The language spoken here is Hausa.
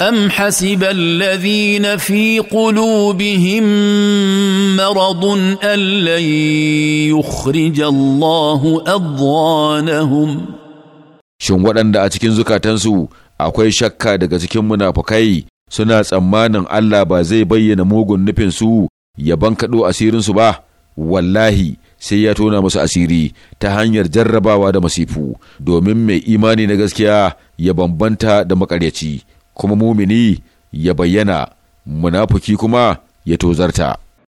أم حسب الذين في قلوبهم مرض أن لن يخرج الله أضغانهم Shin waɗanda a cikin zukatansu akwai shakka daga cikin munafukai suna tsammanin Allah ba zai bayyana mugun nufinsu ya bankaɗo asirinsu ba, wallahi sai ya tona musu asiri ta hanyar jarrabawa da masifu, domin mai imani na gaskiya ya bambanta da maƙaryaci. kuma mumini ya bayyana munafuki kuma ya tozarta